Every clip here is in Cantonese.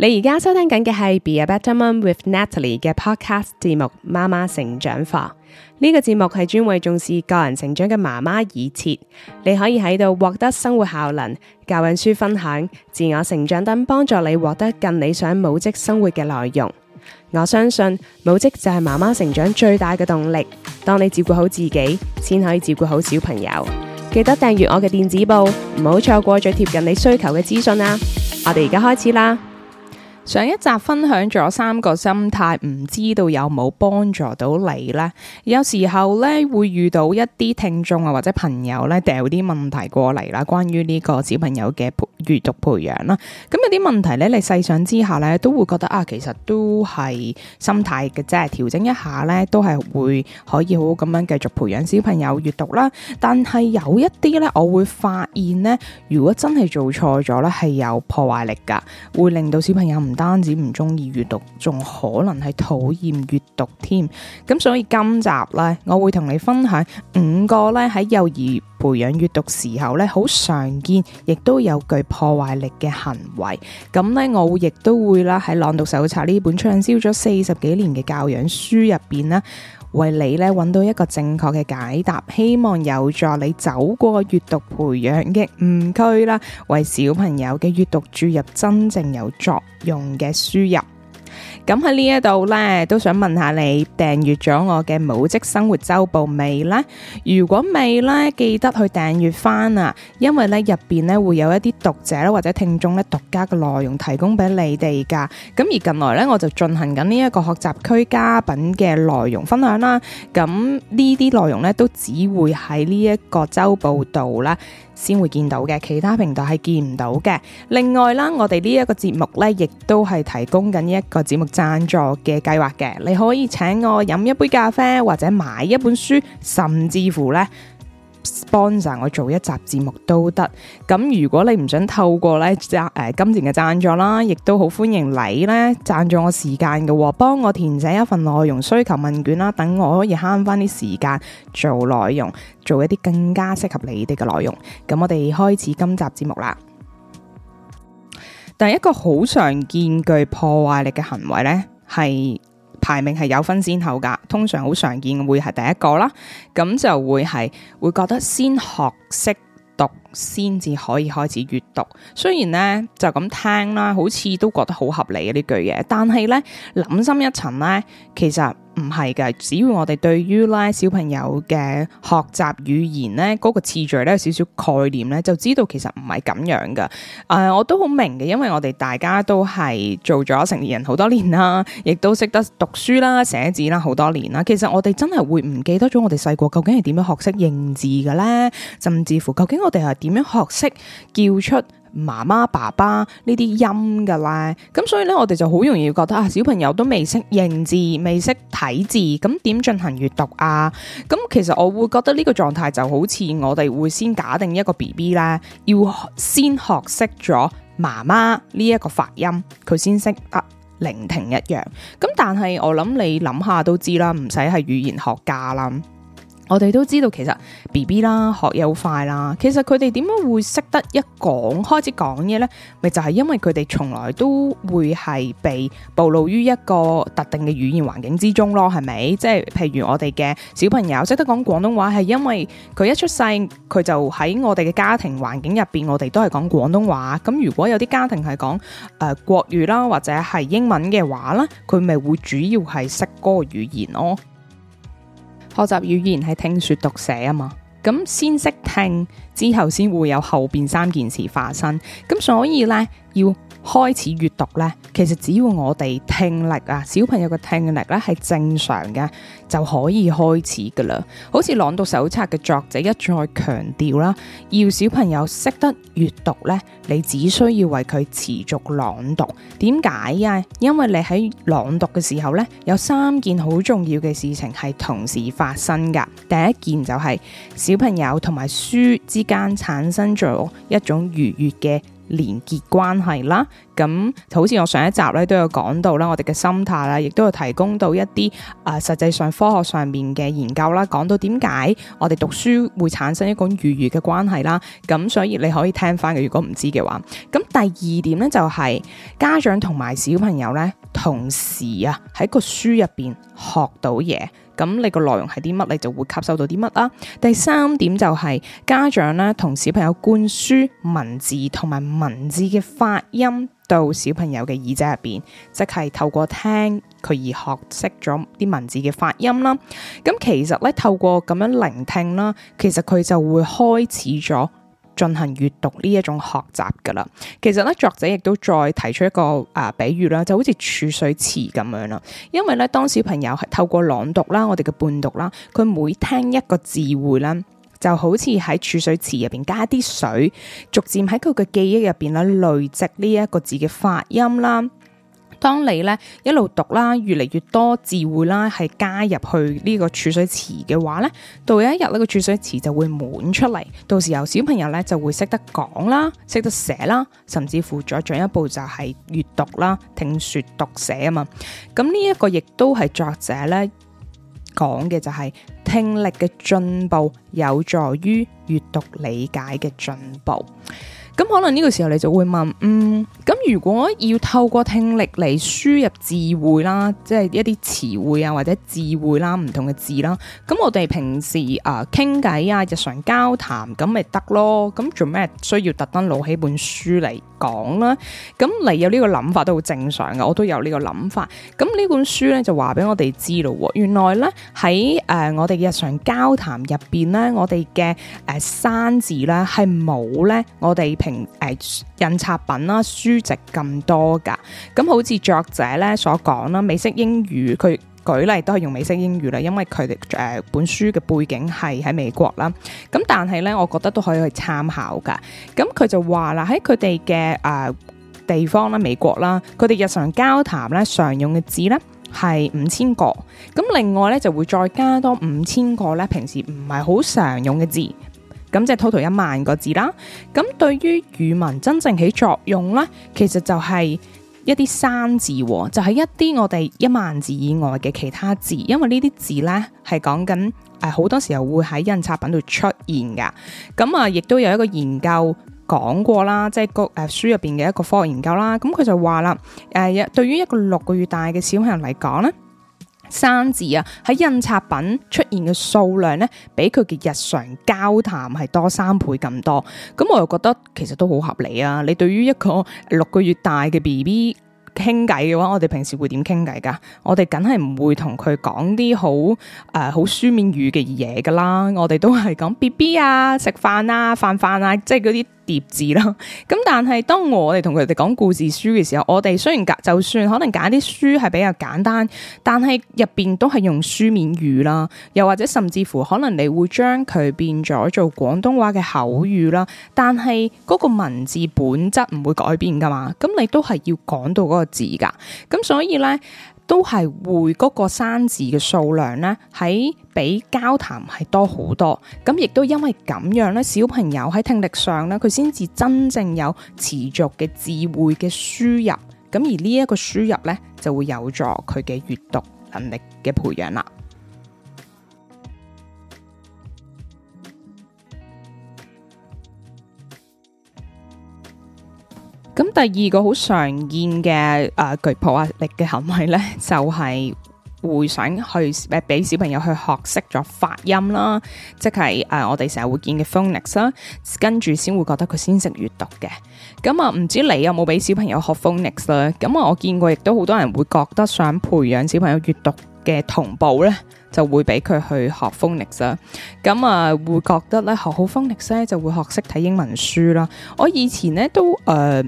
你而家收聽緊嘅係《Be a Better Mom with Natalie》嘅 Podcast 節目《媽媽成長課》呢個節目係專為重視個人成長嘅媽媽而設，你可以喺度獲得生活效能、教養書分享、自我成長等，幫助你獲得更理想母職生活嘅內容。我相信母職就係媽媽成長最大嘅動力。當你照顧好自己，先可以照顧好小朋友。記得訂閱我嘅電子報，唔好錯過最貼近你需求嘅資訊啊！我哋而家開始啦～上一集分享咗三個心態，唔知道有冇幫助到你咧？有時候咧，會遇到一啲聽眾啊或者朋友咧，掉啲問題過嚟啦，關於呢個小朋友嘅閱讀培養啦。咁有啲問題咧，你細想之下咧，都會覺得啊，其實都係心態嘅啫，調整一下咧，都係會可以好好咁樣繼續培養小朋友閱讀啦。但係有一啲咧，我會發現咧，如果真係做錯咗咧，係有破壞力噶，會令到小朋友唔。單止唔中意閱讀，仲可能係討厭閱讀添。咁所以今集呢，我會同你分享五個呢，喺幼兒培養閱讀時候呢好常見，亦都有具破壞力嘅行為。咁呢，我亦都會啦，喺朗讀手冊呢本暢銷咗四十幾年嘅教養書入邊呢。為你咧揾到一個正確嘅解答，希望有助你走過閱讀培養嘅誤區啦，為小朋友嘅閱讀注入真正有作用嘅輸入。咁喺呢一度呢，都想問下你訂閱咗我嘅《母職生活周報》未呢？如果未呢，記得去訂閱返啊！因為呢入邊呢，會有一啲讀者或者聽眾呢，獨家嘅內容提供俾你哋噶。咁而近來呢，我就進行緊呢一個學習區家品嘅內容分享啦。咁呢啲內容呢，都只會喺呢一個周報度啦。先會見到嘅，其他平台係見唔到嘅。另外啦，我哋呢一個節目呢，亦都係提供緊呢一個節目贊助嘅計劃嘅。你可以請我飲一杯咖啡，或者買一本書，甚至乎呢，Sponsor 我做一集節目都得，咁如果你唔想透過咧贊誒金錢嘅贊助啦，亦都好歡迎你咧贊助我時間嘅，幫我填寫一份內容需求問卷啦，等我可以慳翻啲時間做內容，做一啲更加適合你哋嘅內容。咁我哋開始今集節目啦。但係一個好常見具破壞力嘅行為呢，係。排名係有分先後噶，通常好常見會係第一個啦，咁就會係會覺得先學識讀。先至可以開始閱讀。雖然咧就咁聽啦，好似都覺得好合理嘅呢句嘢，但係咧諗深一層咧，其實唔係嘅。只要我哋對於咧小朋友嘅學習語言咧嗰個次序咧有少少概念咧，就知道其實唔係咁樣㗎。呃，我都好明嘅，因為我哋大家都係做咗成年人好多年啦，亦都識得讀書啦、寫字啦好多年啦。其實我哋真係會唔記得咗我哋細個究竟係點樣學識認字嘅咧，甚至乎究竟我哋係點，點樣學識叫出媽媽、爸爸這些的呢啲音噶啦？咁所以呢，我哋就好容易覺得啊，小朋友都未識認字、未識睇字，咁點進行閱讀啊？咁其實我會覺得呢個狀態就好似我哋會先假定一個 B B 咧，要先學識咗媽媽呢一個發音，佢先識得、啊、聆聽一樣。咁但係我諗你諗下都知啦，唔使係語言學家啦。我哋都知道，其實 B B 啦學又好快啦。其實佢哋點樣會識得一講開始講嘢呢？咪就係因為佢哋從來都會係被暴露於一個特定嘅語言環境之中咯，係咪？即係譬如我哋嘅小朋友識得講廣東話，係因為佢一出世，佢就喺我哋嘅家庭環境入邊，我哋都係講廣東話。咁如果有啲家庭係講誒國語啦，或者係英文嘅話咧，佢咪會主要係識嗰個語言咯。學習語言係聽說讀寫啊嘛，咁先識聽，之後先會有後面三件事發生，咁所以呢要。開始閱讀呢，其實只要我哋聽力啊，小朋友嘅聽力咧係正常嘅，就可以開始噶啦。好似朗讀手冊嘅作者一再強調啦，要小朋友識得閱讀呢，你只需要為佢持續朗讀。點解啊？因為你喺朗讀嘅時候呢，有三件好重要嘅事情係同時發生噶。第一件就係、是、小朋友同埋書之間產生咗一種愉悅嘅。連結關係啦，咁好似我上一集咧都有講到啦，我哋嘅心態啦，亦都有提供到一啲啊、呃，實際上科學上面嘅研究啦，講到點解我哋讀書會產生一種愉悅嘅關係啦，咁所以你可以聽翻嘅，如果唔知嘅話，咁第二點呢，就係、是、家長同埋小朋友呢，同時啊喺個書入邊學到嘢。咁你個內容係啲乜，你就會吸收到啲乜啦。第三點就係家長咧，同小朋友灌輸文字同埋文字嘅發音到小朋友嘅耳仔入邊，即係透過聽佢而學識咗啲文字嘅發音啦。咁其實咧，透過咁樣聆聽啦，其實佢就會開始咗進行閱讀呢一種學習噶啦，其實咧，作者亦都再提出一個啊、呃、比喻啦，就好似儲水池咁樣啦，因為咧，當小朋友係透過朗讀啦，我哋嘅伴讀啦，佢每聽一個字匯啦，就好似喺儲水池入邊加啲水，逐漸喺佢嘅記憶入邊咧，累積呢一個字嘅發音啦。當你咧一路讀啦，越嚟越多字匯啦，係加入去呢個儲水池嘅話咧，到有一日呢個儲水池就會滿出嚟，到時候小朋友咧就會識得講啦，識得寫啦，甚至乎再進一步就係閱讀啦、聽説讀寫啊嘛。咁呢一個亦都係作者咧講嘅，講就係聽力嘅進步有助於閱讀理解嘅進步。咁可能呢個時候你就會問，嗯，咁如果要透過聽力嚟輸入字彙啦，即係一啲詞彙啊或者字彙啦，唔同嘅字啦，咁我哋平時傾偈啊日常交談咁咪得咯，咁做咩需要特登攞起本書嚟講啦？咁你有呢個諗法都好正常嘅，我都有呢個諗法。咁呢本書咧就話俾我哋知咯，原來咧喺誒我哋日常交談入邊咧，我哋嘅誒生字咧係冇咧，我哋平。誒、呃，印刷品啦，書籍咁多噶，咁好似作者咧所講啦，美式英語佢舉例都係用美式英語啦，因為佢哋誒本書嘅背景係喺美國啦，咁但係咧，我覺得都可以去參考噶。咁佢就話啦，喺佢哋嘅誒地方啦，美國啦，佢哋日常交談咧常用嘅字咧係五千個，咁另外咧就會再加多五千個咧，平時唔係好常用嘅字。咁即係 total 一萬個字啦。咁對於語文真正起作用咧，其實就係一啲生字、哦，就係、是、一啲我哋一萬字以外嘅其他字。因為呢啲字咧係講緊誒，好、呃、多時候會喺印刷品度出現噶。咁啊，亦、呃、都有一個研究講過啦，即係個誒、呃、書入邊嘅一個科學研究啦。咁佢就話啦，誒、呃，對於一個六個月大嘅小朋友嚟講咧。生字啊，喺印刷品出現嘅數量咧，比佢嘅日常交談係多三倍咁多。咁我又覺得其實都好合理啊。你對於一個六個月大嘅 BB 傾偈嘅話，我哋平時會點傾偈㗎？我哋梗係唔會同佢講啲好誒好書面語嘅嘢㗎啦。我哋都係講 BB 啊，食飯啊，飯飯啊，即係嗰啲。疊字啦，咁但係當我哋同佢哋講故事書嘅時候，我哋雖然揀就算可能揀啲書係比較簡單，但係入邊都係用書面語啦，又或者甚至乎可能你會將佢變咗做廣東話嘅口語啦，但係嗰個文字本質唔會改變㗎嘛，咁你都係要講到嗰個字㗎，咁所以呢。都係會嗰個生字嘅數量咧，喺比交談係多好多。咁亦都因為咁樣咧，小朋友喺聽力上咧，佢先至真正有持續嘅智慧嘅輸入。咁而呢一個輸入咧，就會有助佢嘅閱讀能力嘅培養啦。咁第二個好常見嘅誒，具破壞力嘅行為呢，就係、是、會想去誒，俾小朋友去學識咗發音啦，即係誒、呃，我哋成日會見嘅 phonics 啦，跟住先會覺得佢先識閱讀嘅。咁、嗯、啊，唔知道你有冇俾小朋友學 phonics 咧？咁、嗯、啊，我見過亦都好多人會覺得想培養小朋友閱讀嘅同步呢，就會俾佢去學 phonics 啦。咁、嗯、啊、嗯，會覺得咧學好 phonics 咧，就會學識睇英文書啦。我以前呢，都誒。呃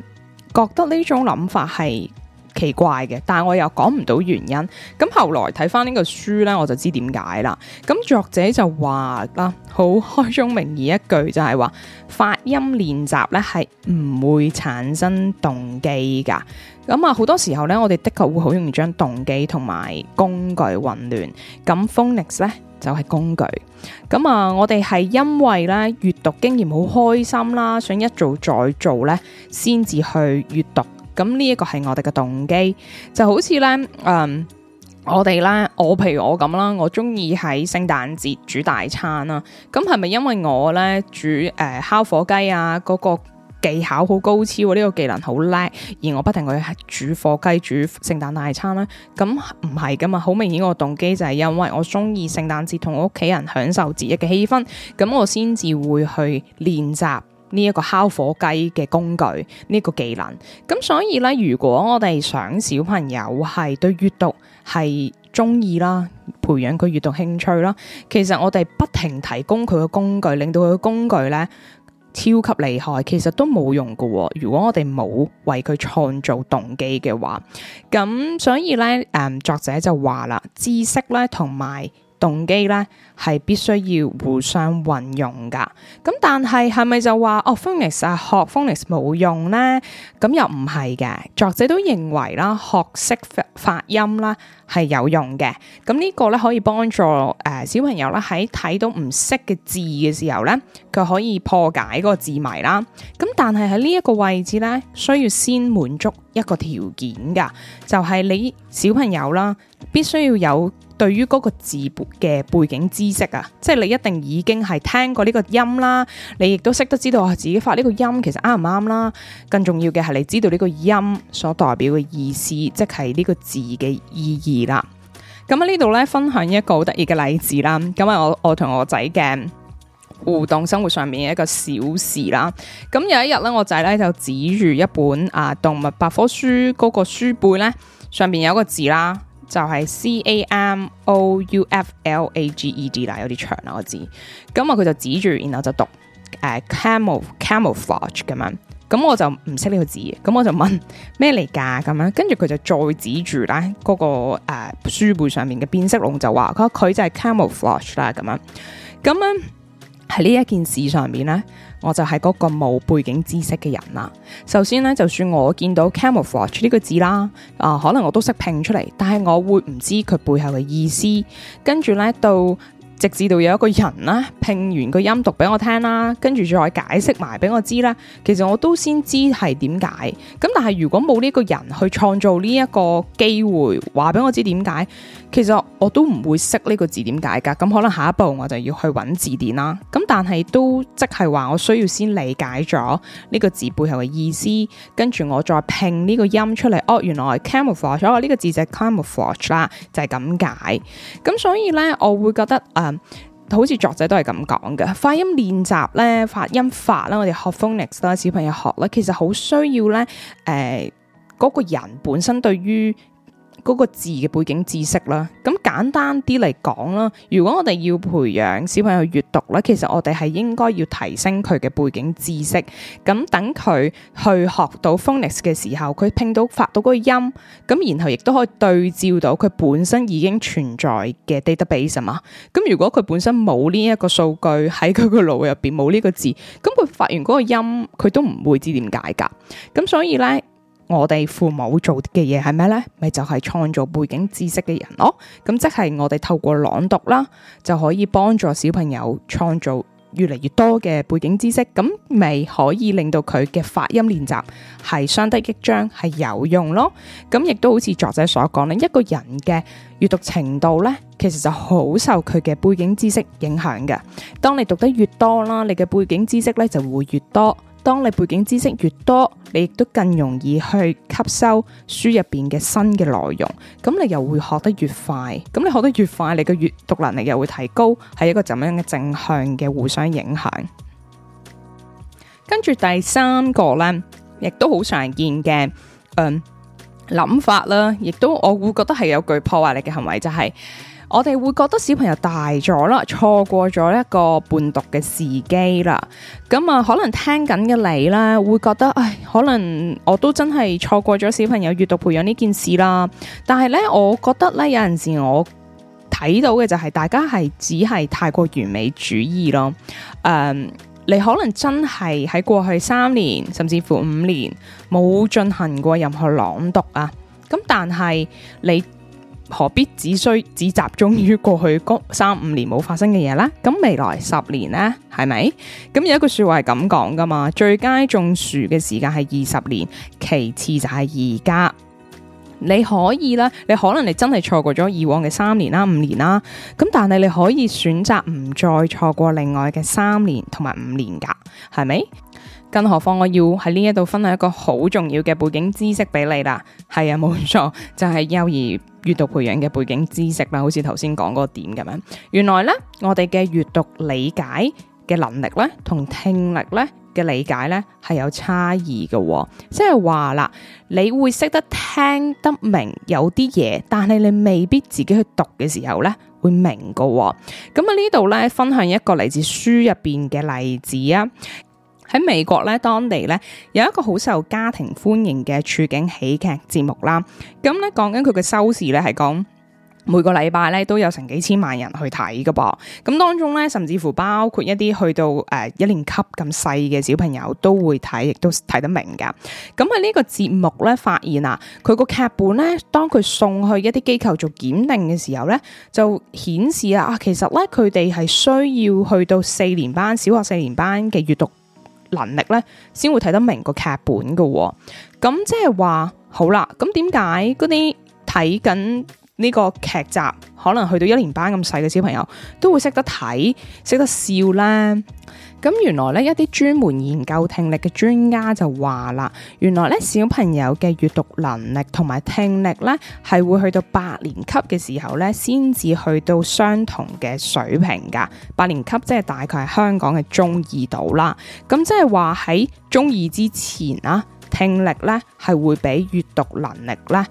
覺得呢種諗法係奇怪嘅，但係我又講唔到原因。咁後來睇翻呢個書呢，我就知點解啦。咁作者就話啦，好開宗明義一句就係話，發音練習呢係唔會產生動機噶。咁啊，好多時候呢，我哋的確會好容易將動機同埋工具混亂。咁 Phonics 咧？就係工具，咁啊，我哋係因為咧閱讀經驗好開心啦，想一做再做咧，先至去閱讀，咁呢一個係我哋嘅動機，就好似咧，嗯，我哋咧，我譬如我咁啦，我中意喺聖誕節煮大餐啦，咁係咪因為我咧煮誒、呃、烤火雞啊嗰個？技巧好高超，呢個技能好叻，而我不停去煮火雞、煮聖誕大餐啦。咁唔係噶嘛，好明顯個動機就係因為我中意聖誕節同我屋企人享受節日嘅氣氛，咁我先至會去練習呢一個烤火雞嘅工具，呢個技能。咁所以呢，如果我哋想小朋友係對閱讀係中意啦，培養佢閱讀興趣啦，其實我哋不停提供佢嘅工具，令到佢嘅工具呢。超級厲害，其實都冇用嘅、哦。如果我哋冇為佢創造動機嘅話，咁所以咧，誒、嗯、作者就話啦，知識咧，同埋，動機咧係必須要互相運用噶，咁但係係咪就話哦、oh, phonics 學 phonics 冇用咧？咁又唔係嘅，作者都認為啦，學識發音啦係有用嘅，咁呢個咧可以幫助誒、呃、小朋友啦喺睇到唔識嘅字嘅時候咧，佢可以破解嗰個字謎啦。咁但係喺呢一個位置咧，需要先滿足一個條件噶，就係、是、你小朋友啦，必須要有。對於嗰個字嘅背景知識啊，即係你一定已經係聽過呢個音啦，你亦都識得知道自己發呢個音其實啱唔啱啦。更重要嘅係你知道呢個音所代表嘅意思，即係呢個字嘅意義啦。咁、嗯、喺、嗯、呢度呢，分享一個好得意嘅例子啦。咁、就、啊、是，我我同我仔嘅互動生活上面一個小事啦。咁有一日呢，我仔呢就指住一本啊動物百科書嗰個書背呢，上面有一個字啦。就係、是、C A M O U F L A G E D 啦，有啲長啦，我知道。咁、嗯、啊，佢就指住，然後就讀誒、呃、Camouflage 咁樣。咁、嗯、我就唔識呢個字，咁、嗯、我就問咩嚟噶？咁樣，跟住佢就再指住咧嗰個誒、呃、書背上面嘅變色龍就話，佢佢就係 Camouflage 啦，咁樣。咁樣喺呢一件事上面咧。我就係嗰個冇背景知識嘅人啦。首先呢，就算我見到 camouflage 呢個字啦，啊、呃，可能我都識拼出嚟，但係我會唔知佢背後嘅意思。跟住呢，到。直至到有一個人啦，拼完個音讀俾我聽啦，跟住再解釋埋俾我知啦，其實我都先知係點解。咁但係如果冇呢個人去創造呢一個機會，話俾我知點解，其實我都唔會識呢個字點解㗎。咁可能下一步我就要去揾字典啦。咁但係都即係話我需要先理解咗呢個字背後嘅意思，跟住我再拼呢個音出嚟。哦，原來 camouflage，呢、哦呢個字就 camouflage 啦，就係咁解。咁所以呢，我會覺得誒。呃好似作者都係咁講嘅，發音練習咧，發音法啦，我哋學 phonics 啦，小朋友學啦，其實好需要咧，誒、呃，嗰、那個人本身對於。嗰個字嘅背景知識啦，咁簡單啲嚟講啦，如果我哋要培養小朋友閱讀咧，其實我哋係應該要提升佢嘅背景知識，咁等佢去學到 phonics 嘅時候，佢拼到發到嗰個音，咁然後亦都可以對照到佢本身已經存在嘅 database 啊嘛，咁如果佢本身冇呢一個數據喺佢個腦入邊，冇呢個字，咁佢發完嗰個音，佢都唔會知點解噶，咁所以咧。我哋父母做嘅嘢係咩呢？咪就係創造背景知識嘅人咯。咁即係我哋透過朗讀啦，就可以幫助小朋友創造越嚟越多嘅背景知識。咁咪可以令到佢嘅發音練習係相得益彰，係有用咯。咁亦都好似作者所講呢，一個人嘅閱讀程度呢，其實就好受佢嘅背景知識影響嘅。當你讀得越多啦，你嘅背景知識呢就會越多。當你背景知識越多，你亦都更容易去吸收書入邊嘅新嘅內容，咁你又會學得越快。咁你學得越快，你嘅閱讀能力又會提高，係一個咁樣嘅正向嘅互相影響。跟住第三個呢，亦都好常見嘅，嗯，諗法啦，亦都我會覺得係有具破壞力嘅行為，就係、是。我哋會覺得小朋友大咗啦，錯過咗一個伴讀嘅時機啦。咁、嗯、啊，可能聽緊嘅你咧，會覺得，唉，可能我都真係錯過咗小朋友閱讀培養呢件事啦。但係咧，我覺得咧，有陣時我睇到嘅就係大家係只係太過完美主義咯。誒、嗯，你可能真係喺過去三年甚至乎五年冇進行過任何朗讀啊。咁、嗯、但係你。何必只需只集中於過去三五年冇發生嘅嘢呢？咁未來十年呢，係咪？咁有一句說話係咁講噶嘛？最佳種樹嘅時間係二十年，其次就係而家。你可以啦，你可能你真係錯過咗以往嘅三年啦、五年啦，咁但係你可以選擇唔再錯過另外嘅三年同埋五年噶，係咪？更何況我要喺呢一度分享一個好重要嘅背景知識俾你啦。係啊，冇錯，就係幼兒閱讀培養嘅背景知識啦。好似頭先講嗰個點咁樣，原來呢，我哋嘅閱讀理解嘅能力咧，同聽力咧嘅理解咧係有差異㗎喎。即係話啦，你會識得聽得明有啲嘢，但係你未必自己去讀嘅時候咧會明㗎喎。咁啊呢度咧分享一個嚟自書入邊嘅例子啊。喺美國咧，當地咧有一個好受家庭歡迎嘅處境喜劇節目啦。咁咧講緊佢嘅收視咧，係講每個禮拜咧都有成幾千萬人去睇噶噃。咁當中咧，甚至乎包括一啲去到誒、呃、一年級咁細嘅小朋友都會睇，亦都睇得明噶。咁喺呢個節目咧，發現啊，佢個劇本咧，當佢送去一啲機構做檢定嘅時候咧，就顯示啊，啊其實咧佢哋係需要去到四年班小學四年班嘅閱讀。能力咧，先會睇得明個劇本噶。咁即係話，好啦。咁點解嗰啲睇緊呢個劇集，可能去到一年班咁細嘅小朋友，都會識得睇、識得笑咧？咁原來咧，一啲專門研究聽力嘅專家就話啦，原來咧小朋友嘅閱讀能力同埋聽力咧，係會去到八年級嘅時候咧，先至去到相同嘅水平噶。八年級即係大概係香港嘅中二度啦。咁即係話喺中二之前啊，聽力咧係會比閱讀能力咧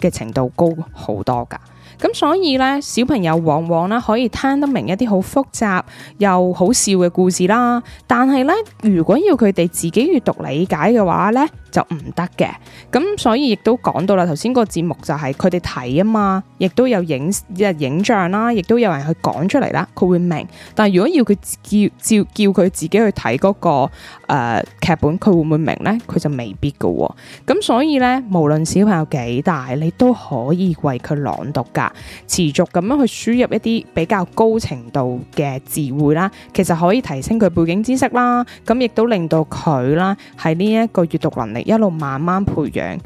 嘅程度高好多噶。咁所以呢，小朋友往往可以聽得明一啲好複雜又好笑嘅故事啦，但係呢，如果要佢哋自己閱讀理解嘅話呢。就唔得嘅，咁所以亦都講到啦。頭先個節目就係佢哋睇啊嘛，亦都有影即係影像啦，亦都有人去講出嚟啦，佢會明。但係如果要佢叫召叫佢自己去睇嗰個誒劇本，佢會唔會明咧？佢就未必噶，哦。咁所以咧，無論小朋友幾大，你都可以為佢朗讀噶，持續咁樣去輸入一啲比較高程度嘅詞彙啦。其實可以提升佢背景知識啦，咁亦都令到佢啦喺呢一個閱讀能力一路慢慢培養，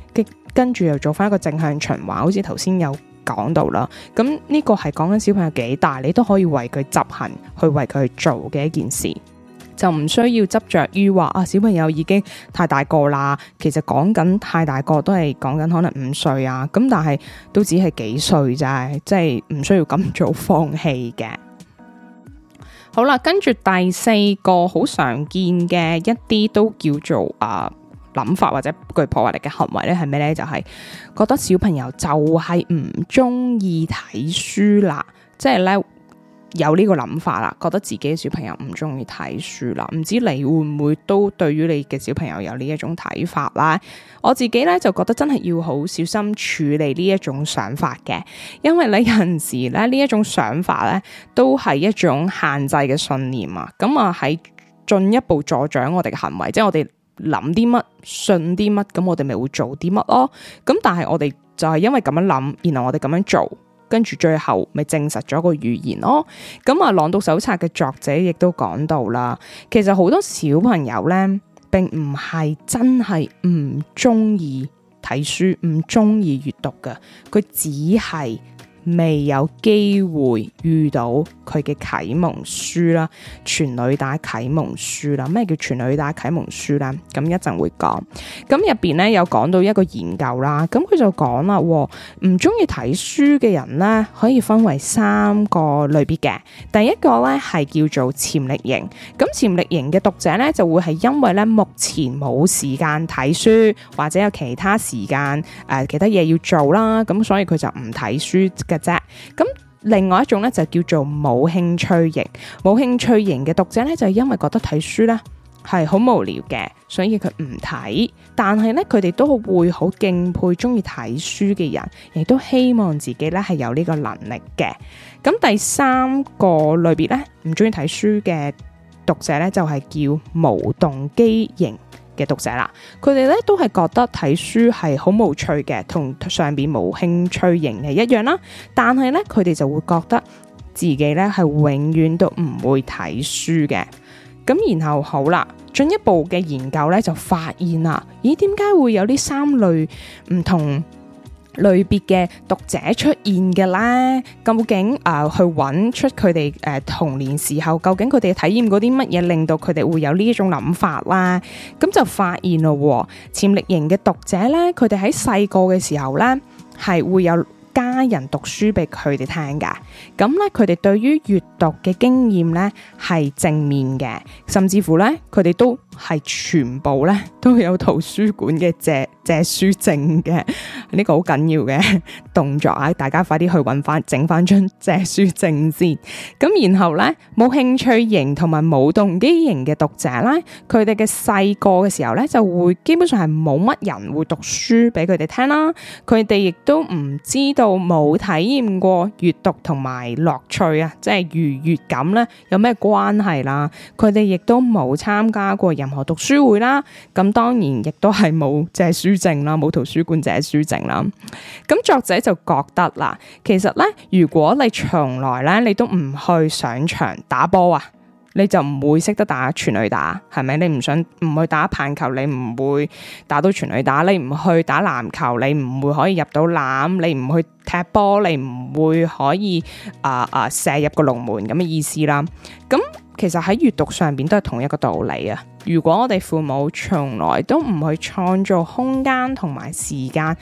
跟住又做翻一個正向循環，好似頭先有講到啦。咁呢個係講緊小朋友幾大，你都可以為佢執行，去為佢做嘅一件事，就唔需要執着於話啊。小朋友已經太大個啦，其實講緊太大個都係講緊可能五歲啊。咁但係都只係幾歲咋，即係唔需要咁早放棄嘅。好啦，跟住第四個好常見嘅一啲都叫做啊。諗法或者具破壞力嘅行為咧係咩咧？就係覺得小朋友就係唔中意睇書啦，即係咧有呢個諗法啦，覺得自己嘅小朋友唔中意睇書啦。唔知你會唔會都對於你嘅小朋友有呢一種睇法啦？我自己咧就覺得真係要好小心處理呢一種想法嘅，因為咧有陣時咧呢一種想法咧都係一種限制嘅信念啊，咁啊喺進一步助長我哋嘅行為，即係我哋。諗啲乜，信啲乜，咁我哋咪會做啲乜咯。咁但係我哋就係因為咁樣諗，然後我哋咁樣做，跟住最後咪證實咗個預言咯。咁啊，朗讀手冊嘅作者亦都講到啦，其實好多小朋友呢，並唔係真係唔中意睇書，唔中意閱讀嘅，佢只係。未有機會遇到佢嘅啟蒙書啦，全女打啟蒙書啦，咩叫全女打啟蒙書啦？咁一陣會講。咁入邊咧有講到一個研究啦，咁佢就講啦，唔中意睇書嘅人咧，可以分為三個類別嘅。第一個咧係叫做潛力型，咁潛力型嘅讀者咧就會係因為咧目前冇時間睇書，或者有其他時間誒、呃、其他嘢要做啦，咁所以佢就唔睇書嘅。啫，咁另外一種咧就叫做冇興趣型，冇興趣型嘅讀者咧就係因為覺得睇書咧係好無聊嘅，所以佢唔睇。但係咧佢哋都會好敬佩中意睇書嘅人，亦都希望自己咧係有呢個能力嘅。咁第三個類別咧唔中意睇書嘅讀者咧就係叫無動機型。嘅讀者啦，佢哋咧，都係覺得睇書係好無趣嘅，同上邊冇興趣型嘅一樣啦。但係咧，佢哋就會覺得自己咧係永遠都唔會睇書嘅。咁然後好啦，進一步嘅研究咧就發現啦，咦，點解會有呢三類唔同？類別嘅讀者出現嘅啦，究竟啊、呃、去揾出佢哋誒童年時候，究竟佢哋體驗嗰啲乜嘢令到佢哋會有呢一種諗法啦？咁就發現咯，潛力型嘅讀者呢，佢哋喺細個嘅時候呢，係會有家人讀書俾佢哋聽噶，咁咧佢哋對於閱讀嘅經驗呢，係正面嘅，甚至乎呢，佢哋都。係全部咧都有圖書館嘅借借書證嘅，呢個好緊要嘅動作啊！大家快啲去揾翻整翻張借書證先。咁然後呢，冇興趣型同埋冇動機型嘅讀者呢，佢哋嘅細個嘅時候呢，就會基本上係冇乜人會讀書俾佢哋聽啦。佢哋亦都唔知道冇體驗過閱讀同埋樂趣啊，即係愉悦感呢，有咩關係啦。佢哋亦都冇參加過何讀書會啦，咁當然亦都係冇借書證啦，冇圖書館借書證啦。咁作者就覺得啦，其實咧，如果你從來咧你都唔去上場打波啊，你就唔會識得打全壘打，係咪？你唔想唔去打棒球，你唔會打到全壘打；你唔去打籃球，你唔會可以入到籃；你唔去踢波，你唔會可以啊啊、呃呃、射入個龍門咁嘅意思啦。咁其實喺閱讀上邊都係同一個道理啊。如果我哋父母從來都唔去創造空間同埋時間，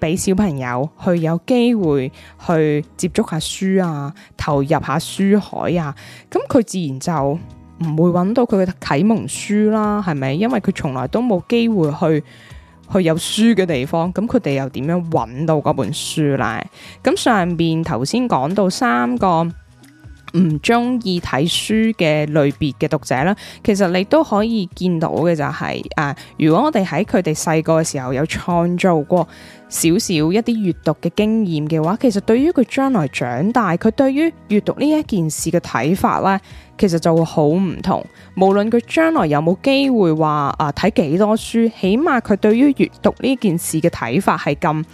俾小朋友去有機會去接觸下書啊，投入下書海啊，咁佢自然就唔會揾到佢嘅啟蒙書啦，係咪？因為佢從來都冇機會去去有書嘅地方，咁佢哋又點樣揾到嗰本書呢？咁上邊頭先講到三個。唔中意睇書嘅類別嘅讀者啦，其實你都可以見到嘅就係，啊、呃，如果我哋喺佢哋細個嘅時候有創造過少少一啲閱讀嘅經驗嘅話，其實對於佢將來長大，佢對於閱讀呢一件事嘅睇法呢，其實就會好唔同。無論佢將來有冇機會話啊睇幾多書，起碼佢對於閱讀呢件事嘅睇法係咁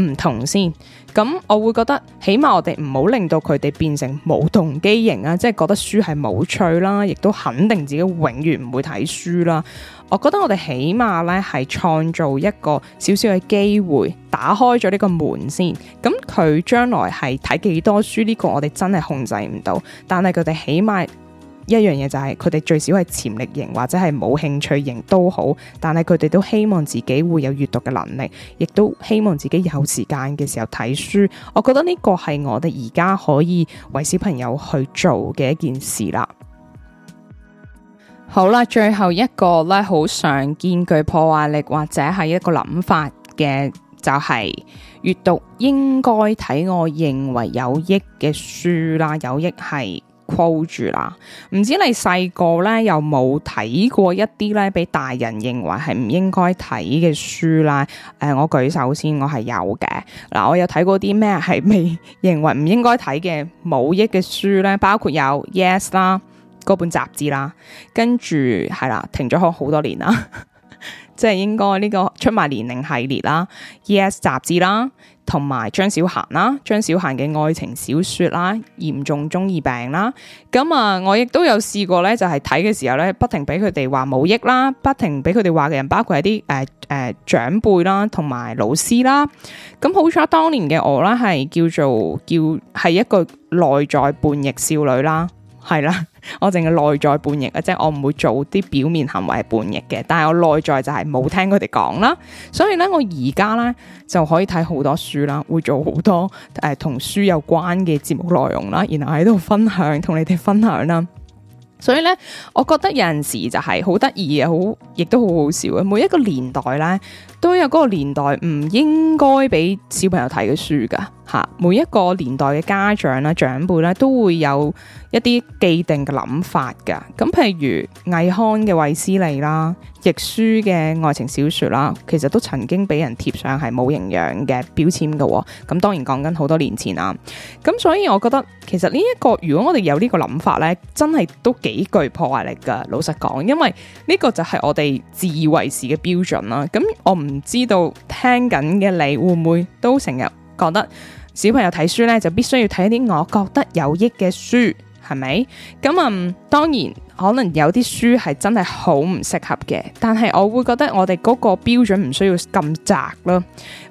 唔同先。咁我會覺得，起碼我哋唔好令到佢哋變成冇動機型啊，即係覺得書係冇趣啦，亦都肯定自己永遠唔會睇書啦。我覺得我哋起碼咧係創造一個少少嘅機會，打開咗呢個門先。咁佢將來係睇幾多書呢個，我哋真係控制唔到。但係佢哋起碼。一樣嘢就係佢哋最少係潛力型或者係冇興趣型都好，但係佢哋都希望自己會有閱讀嘅能力，亦都希望自己有時間嘅時候睇書。我覺得呢個係我哋而家可以為小朋友去做嘅一件事啦。好啦，最後一個咧，好常見具破壞力或者係一個諗法嘅就係、是、閱讀應該睇我認為有益嘅書啦，有益係。Hold 住啦！唔知你細個咧有冇睇過一啲咧俾大人認為係唔應該睇嘅書啦？誒、呃，我舉手先，我係有嘅。嗱、呃，我有睇過啲咩係未認為唔應該睇嘅冇益嘅書咧？包括有 Yes 啦，嗰本雜誌啦，跟住係啦，停咗學好多年啦， 即係應該呢個出賣年齡系列啦，Yes 雜誌啦。同埋張小嫻啦，張小嫻嘅愛情小説啦，嚴重中二病啦，咁啊，我亦都有試過咧，就係睇嘅時候咧，不停俾佢哋話冇益啦，不停俾佢哋話嘅人包括係啲誒誒長輩啦，同埋老師啦，咁好彩當年嘅我啦，係叫做叫係一個內在叛逆少女啦。係啦，我淨係內在叛逆嘅，即係我唔會做啲表面行為係叛逆嘅，但係我內在就係冇聽佢哋講啦。所以咧，我而家咧就可以睇好多書啦，會做好多誒同書有關嘅節目內容啦，然後喺度分享同你哋分享啦。所以咧，我覺得有陣時就係好得意啊，好亦都好好笑啊！每一個年代咧。都有嗰個年代唔應該俾小朋友睇嘅書噶吓，每一個年代嘅家長啦、長輩啦，都會有一啲既定嘅諗法噶。咁譬如倪匡嘅衛斯理啦，亦舒嘅愛情小說啦，其實都曾經俾人貼上係冇營養嘅標籤噶。咁當然講緊好多年前啦。咁所以我覺得其實呢、這、一個如果我哋有呢個諗法咧，真係都幾具破壞力噶。老實講，因為呢個就係我哋自以為是嘅標準啦。咁我唔，唔知道聽緊嘅你會唔會都成日覺得小朋友睇書呢，就必須要睇啲我覺得有益嘅書係咪？咁、嗯、當然可能有啲書係真係好唔適合嘅，但係我會覺得我哋嗰個標準唔需要咁窄咯。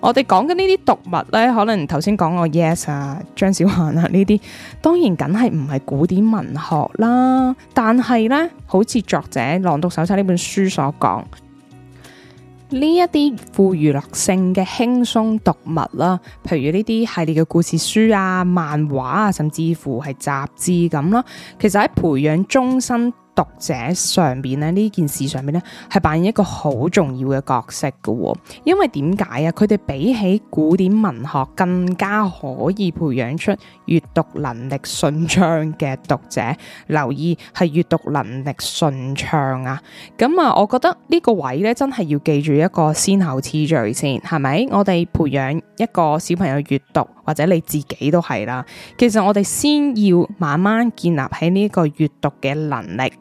我哋講緊呢啲讀物呢，可能頭先講過 yes 啊張小嫻啊呢啲，當然梗係唔係古典文學啦。但係呢，好似作者《朗讀手冊》呢本書所講。呢一啲富娛樂性嘅輕鬆讀物啦，譬如呢啲系列嘅故事書啊、漫畫啊，甚至乎係雜誌咁啦，其實喺培養終身讀者上面呢，呢件事上面呢，係扮演一個好重要嘅角色㗎喎，因為點解啊？佢哋比起古典文學更加可以培養出閱讀能力順暢嘅讀者。留意係閱讀能力順暢啊！咁啊，我覺得呢個位呢，真係要記住一個先後次序先，係咪？我哋培養一個小朋友閱讀。或者你自己都係啦，其實我哋先要慢慢建立起呢個閱讀嘅能力，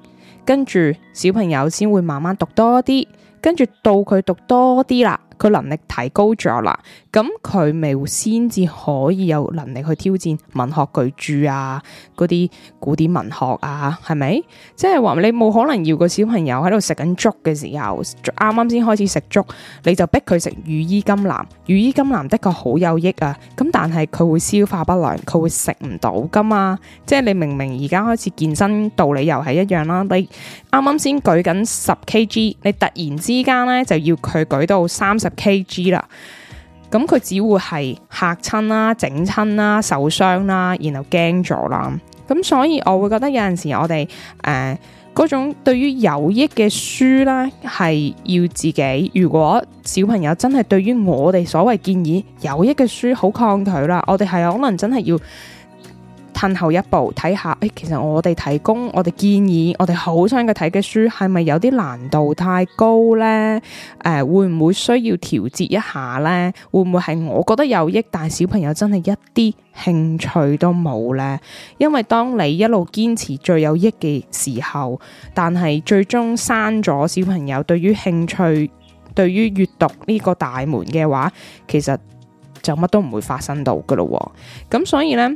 跟住小朋友先會慢慢讀多啲，跟住到佢讀多啲啦，佢能力提高咗啦。咁佢咪先至可以有能力去挑戰文學巨著啊？嗰啲古典文學啊，係咪？即係話你冇可能要個小朋友喺度食緊粥嘅時候，啱啱先開始食粥，你就逼佢食羽衣甘藍。羽衣甘藍的確好有益啊，咁但係佢會消化不良，佢會食唔到噶嘛。即係你明明而家開始健身，道理又係一樣啦。你啱啱先舉緊十 kg，你突然之間呢，就要佢舉到三十 kg 啦。咁佢只會係嚇親啦、整親啦、受傷啦，然後驚咗啦。咁所以我會覺得有陣時我哋誒，嗰種對於有益嘅書啦，係要自己。如果小朋友真係對於我哋所謂建議有益嘅書好抗拒啦，我哋係可能真係要。退後一步，睇下，誒、哎，其實我哋提供，我哋建議，我哋好想佢睇嘅書，係咪有啲難度太高呢？誒、呃，會唔會需要調節一下呢？會唔會係我覺得有益，但係小朋友真係一啲興趣都冇呢？因為當你一路堅持最有益嘅時候，但係最終閂咗小朋友對於興趣、對於閱讀呢個大門嘅話，其實就乜都唔會發生到噶咯、哦。咁所以呢。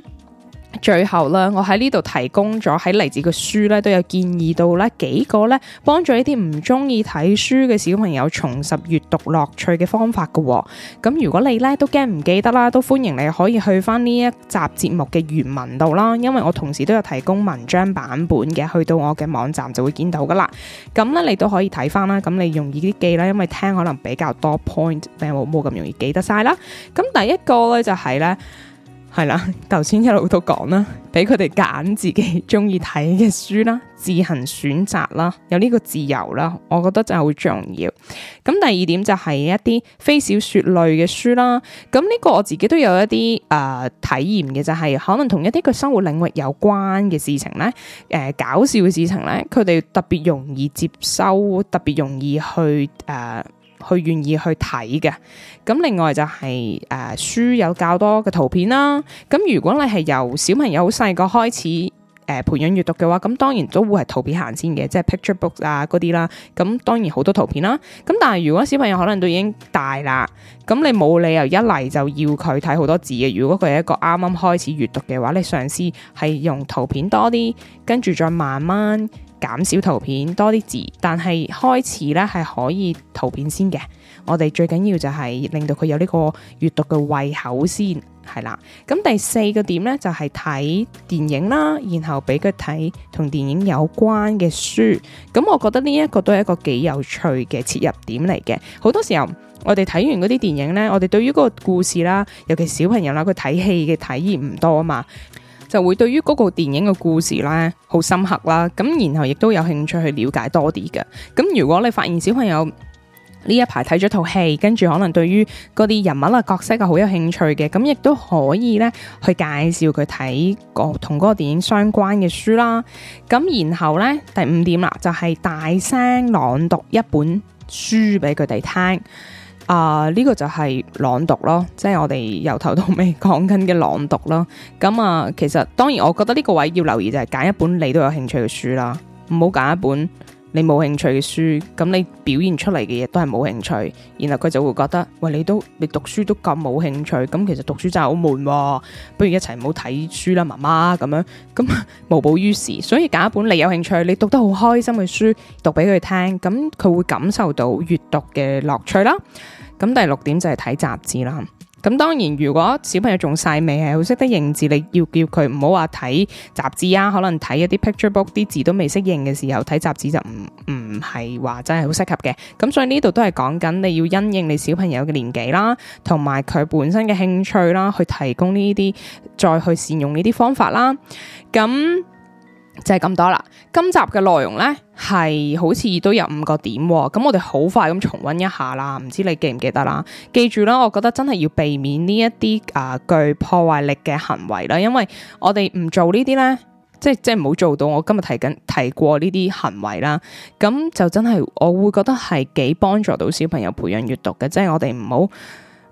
最後啦，我喺呢度提供咗喺嚟自個書呢都有建議到呢幾個呢，幫助呢啲唔中意睇書嘅小朋友重拾閱讀樂趣嘅方法㗎喎、哦。咁如果你呢都驚唔記得啦，都歡迎你可以去返呢一集節目嘅原文度啦，因為我同時都有提供文章版本嘅，去到我嘅網站就會見到㗎喇。咁呢你都可以睇返啦，咁你容易啲記啦，因為聽可能比較多 point，冇冇咁容易記得晒啦。咁第一個呢就係、是、呢。係啦，頭先一路都講啦，俾佢哋揀自己中意睇嘅書啦，自行選擇啦，有呢個自由啦，我覺得就係好重要。咁第二點就係一啲非小說類嘅書啦，咁呢個我自己都有一啲誒、呃、體驗嘅，就係、是、可能同一啲個生活領域有關嘅事情咧，誒、呃、搞笑嘅事情咧，佢哋特別容易接收，特別容易去誒。呃佢願意去睇嘅，咁另外就係、是、誒、呃、書有較多嘅圖片啦。咁如果你係由小朋友好細個開始誒、呃、培養閱讀嘅話，咁當然都會係圖片行先嘅，即係 picture book 啊嗰啲啦。咁當然好多圖片啦。咁但係如果小朋友可能都已經大啦，咁你冇理由一嚟就要佢睇好多字嘅。如果佢係一個啱啱開始閱讀嘅話，你嘗試係用圖片多啲，跟住再慢慢，減少圖片多啲字，但係開始咧係可以圖片先嘅。我哋最緊要就係令到佢有呢個閱讀嘅胃口先，係啦。咁第四個點呢，就係睇電影啦，然後俾佢睇同電影有關嘅書。咁我覺得呢一個都係一個幾有趣嘅切入點嚟嘅。好多時候我哋睇完嗰啲電影呢，我哋對於嗰個故事啦，尤其小朋友啦，佢睇戲嘅體驗唔多啊嘛。就會對於嗰個電影嘅故事咧好深刻啦，咁然後亦都有興趣去了解多啲嘅。咁如果你發現小朋友呢一排睇咗套戲，跟住可能對於嗰啲人物啊角色，嘅好有興趣嘅，咁亦都可以咧去介紹佢睇個同嗰個電影相關嘅書啦。咁然後咧第五點啦，就係大聲朗讀一本書俾佢哋聽。啊！呢個就係朗讀咯，即係我哋由頭到尾講緊嘅朗讀咯。咁、嗯、啊，其實當然，我覺得呢個位要留意就係揀一本你都有興趣嘅書啦，唔好揀一本你冇興趣嘅書。咁你表現出嚟嘅嘢都係冇興趣，然後佢就會覺得喂，你都你讀書都咁冇興趣，咁其實讀書真係好悶喎，不如一齊唔好睇書啦，媽媽咁樣咁、嗯、無補於事。所以揀一本你有興趣、你讀得好開心嘅書讀俾佢聽，咁佢會感受到閱讀嘅樂趣啦。咁第六點就係睇雜誌啦。咁當然，如果小朋友仲細，未係好識得認字，你要叫佢唔好話睇雜誌啊。可能睇一啲 picture book，啲字都未識認嘅時候，睇雜誌就唔唔係話真係好適合嘅。咁所以呢度都係講緊你要因應你小朋友嘅年紀啦，同埋佢本身嘅興趣啦，去提供呢啲，再去善用呢啲方法啦。咁。就係咁多啦，今集嘅內容呢，係好似都有五個點，咁我哋好快咁重溫一下啦，唔知你記唔記得啦？記住啦，我覺得真係要避免呢一啲啊具破壞力嘅行為啦，因為我哋唔做呢啲呢，即係即係唔好做到我今日提緊提過呢啲行為啦，咁就真係我會覺得係幾幫助到小朋友培養閱讀嘅，即係我哋唔好。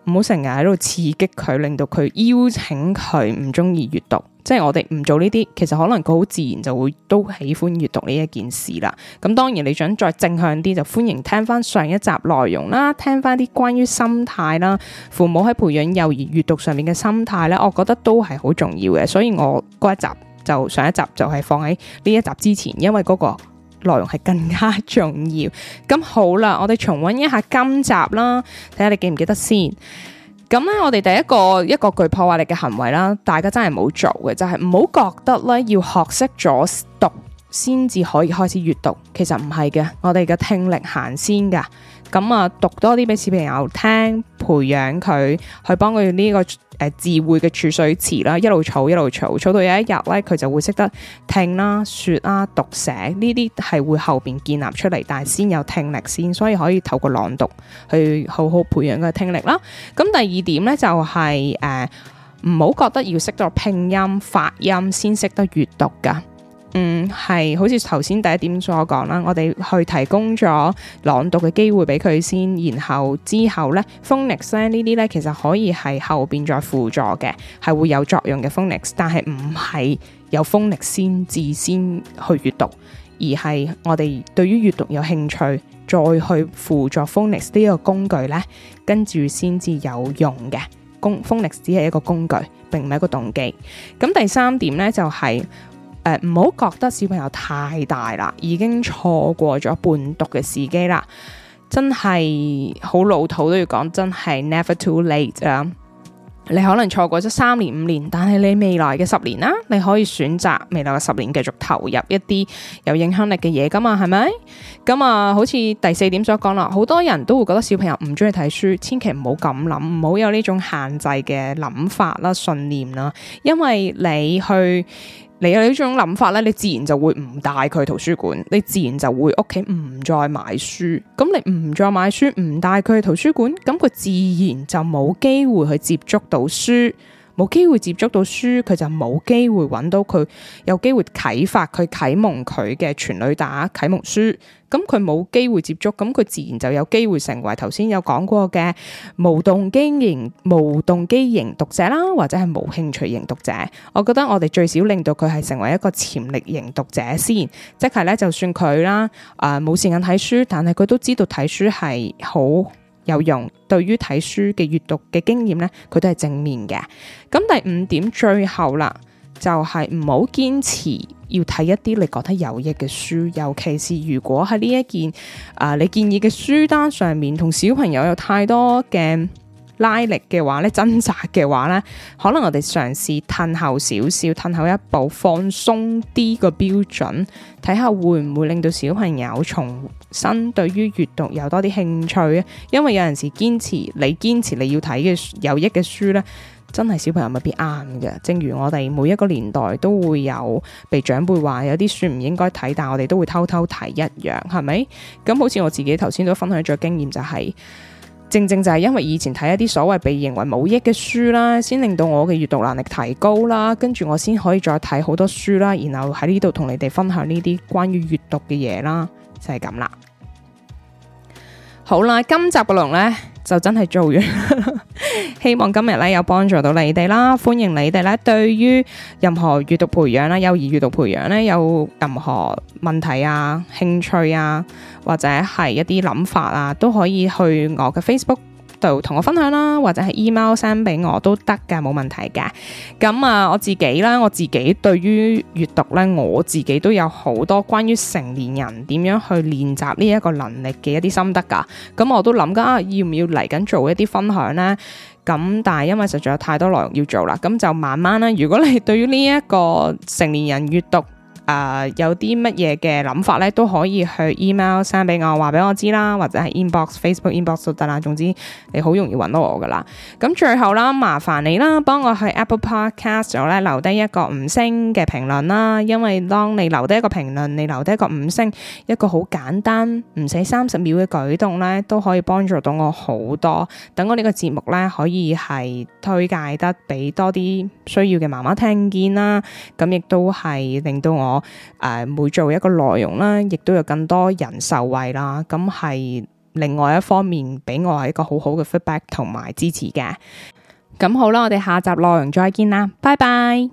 唔好成日喺度刺激佢，令到佢邀請佢唔中意閱讀，即係我哋唔做呢啲，其實可能佢好自然就會都喜歡閱讀呢一件事啦。咁當然，你想再正向啲，就歡迎聽翻上一集內容啦，聽翻啲關於心態啦，父母喺培養幼兒閱讀上面嘅心態咧，我覺得都係好重要嘅。所以，我嗰一集就上一集就係放喺呢一集之前，因為嗰個。內容係更加重要。咁好啦，我哋重溫一下今集啦，睇下你記唔記得先。咁咧，我哋第一個一個具破壞力嘅行為啦，大家真係冇做嘅，就係唔好覺得咧，要學識咗讀先至可以開始閱讀。其實唔係嘅，我哋嘅聽力行先噶。咁啊，讀多啲俾小朋友聽，培養佢去幫佢呢個誒、呃、智慧嘅儲水池啦，一路儲一路儲，儲到有一日咧，佢就會識得聽啦、說啦、讀寫呢啲係會後邊建立出嚟，但係先有聽力先，所以可以透過朗讀去好好培養佢嘅聽力啦。咁第二點咧就係、是、誒、唔、呃、好覺得要識咗拼音、發音先識得閱讀噶。嗯，係好似頭先第一點所講啦，我哋去提供咗朗讀嘅機會俾佢先，然後之後呢 phonics 呢啲呢，其實可以係後邊再輔助嘅，係會有作用嘅 phonics，但係唔係由 phonics 先至先去閱讀，而係我哋對於閱讀有興趣再去輔助 phonics 呢個工具呢，跟住先至有用嘅工 phonics 只係一個工具，並唔係一個動機。咁第三點呢，就係。誒、呃，唔好覺得小朋友太大啦，已經錯過咗伴讀嘅時機啦，真係好老土都要講，真係 never too late 啊！你可能錯過咗三年五年，但係你未來嘅十年啦，你可以選擇未來嘅十年繼續投入一啲有影響力嘅嘢㗎嘛，係咪？咁啊，好似第四點所講啦，好多人都會覺得小朋友唔中意睇書，千祈唔好咁諗，唔好有呢種限制嘅諗法啦、信念啦，因為你去。你有呢種諗法咧，你自然就會唔帶佢去圖書館，你自然就會屋企唔再買書。咁你唔再買書，唔帶佢去圖書館，咁佢自然就冇機會去接觸到書。冇機會接觸到書，佢就冇機會揾到佢有機會啟發佢、啟蒙佢嘅全女打啟蒙書。咁佢冇機會接觸，咁佢自然就有機會成為頭先有講過嘅無動機型、無動機型讀者啦，或者係無興趣型讀者。我覺得我哋最少令到佢係成為一個潛力型讀者先，即係咧，就算佢啦，啊、呃、冇時間睇書，但係佢都知道睇書係好，有用，對於睇書嘅閱讀嘅經驗咧，佢都係正面嘅。咁第五點最後啦，就係唔好堅持要睇一啲你覺得有益嘅書，尤其是如果喺呢一件啊、呃、你建議嘅書單上面，同小朋友有太多嘅。拉力嘅話咧，掙扎嘅話咧，可能我哋嘗試褪後少少，褪後一步，放鬆啲個標準，睇下會唔會令到小朋友重新對於閱讀有多啲興趣啊？因為有陣時堅持，你堅持你要睇嘅有益嘅書咧，真係小朋友未必啱嘅。正如我哋每一個年代都會有被長輩話有啲書唔應該睇，但我哋都會偷偷睇一樣，係咪？咁好似我自己頭先都分享咗經驗，就係，就係。正正就係因為以前睇一啲所謂被認為冇益嘅書啦，先令到我嘅閱讀能力提高啦，跟住我先可以再睇好多書啦，然後喺呢度同你哋分享呢啲關於閱讀嘅嘢啦，就係咁啦。好啦，今集嘅龍呢，就真係做完 希望今日咧有幫助到你哋啦，歡迎你哋咧對於任何閱讀培養啦，幼兒閱讀培養咧有任何問題啊、興趣啊或者係一啲諗法啊，都可以去我嘅 Facebook。度同我分享啦，或者係 email send 俾我都得嘅，冇問題嘅。咁啊，我自己啦，我自己對於閱讀咧，我自己都有好多關於成年人點樣去練習呢一個能力嘅一啲心得噶。咁我都諗緊啊，要唔要嚟緊做一啲分享呢？咁但係因為實在有太多內容要做啦，咁就慢慢啦。如果你對於呢一個成年人閱讀，誒、uh, 有啲乜嘢嘅諗法咧，都可以去 email send 俾我，話俾我知啦，或者係 inbox Facebook inbox 都得啦。總之你好容易揾到我噶啦。咁最後啦，麻煩你啦，幫我去 Apple Podcast 度咧留低一個五星嘅評論啦。因為當你留低一個評論，你留低一個五星，一個好簡單唔使三十秒嘅舉動咧，都可以幫助到我好多。等我呢個節目咧可以係推介得俾多啲需要嘅媽媽聽見啦。咁亦都係令到我。誒，每做一個內容咧，亦都有更多人受惠啦。咁係另外一方面，俾我係一個好好嘅 feedback 同埋支持嘅。咁好啦，我哋下集內容再見啦，拜拜。